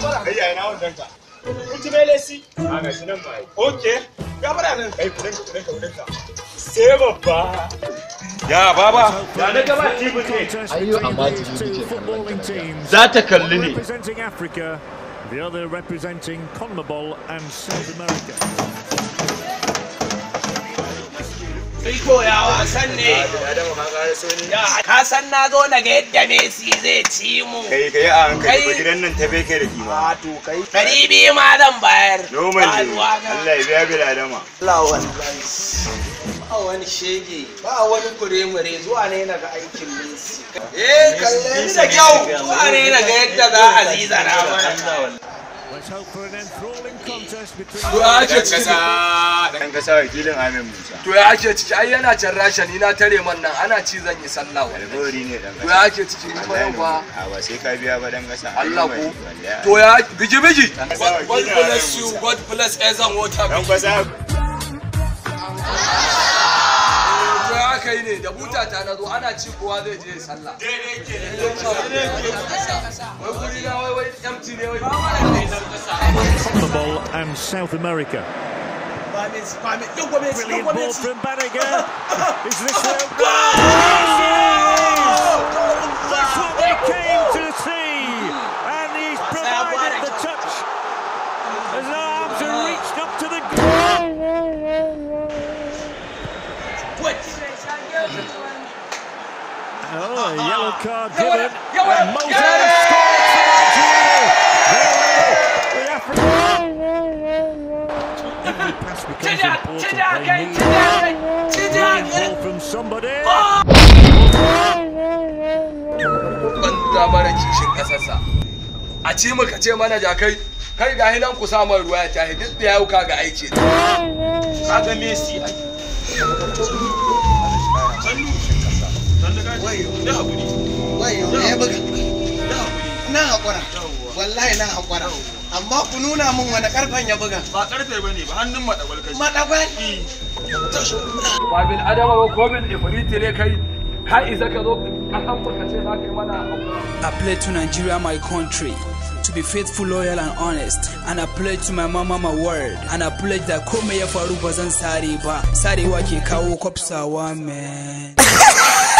Ayya ah, ina Okay. baba, The other representing CONMEBOL and South America. Equal wasan ne ka san na zo daga yadda Messi zai ci mu kai kai a hankali ba gidan nan ta bai kai da kima to kai dari biyu ma zan bayar normal Allah ya biya bil adama Allah ba wani shege ba wani kuremure zuwa ne na aikin Messi eh kalle da kyau zuwa ne na yadda za a zizara mana Let's hope for an enthralling contest between Amin Musa. To ya ake ciki ai yana can Rasha ni na tare nan ana ci zan sallah To ya ake ciki ni yau ba. A ba sai Allah ko. To ya God bless you. God bless Ezan Water. Dan kasa. ne da buta ta na zo ana ci kowa zai je sallah. Portugal and South America. Brilliant ball from Banniger. Is this where... That's what they came to see. And he's provided the touch. His arms are reached up to the goal. Quit. Oh, yellow card given. Mulder scores. Tidiak! Tidiak! Tidiak! From mara A ce maka ce mana kai kai ga nan ku samu ruwa ya tahi duk da yau kaga aice. Kaga Messi ai. Wayo, na haƙura. Wallahi na haƙura. amma ku nuna min wani karfen ya buga ba karfe ba ne ba hannun madagwal kai madagwal ba e. bil adama ba ko bil ifriti ne kai har isa ka zo ka ce za ka yi mana I play to Nigeria my country to be faithful, loyal, and honest. And I pledge to my mama my word. And I pledge that kome ya faru Rubazan sare ba. Sarewa ke kawo kopsawa man.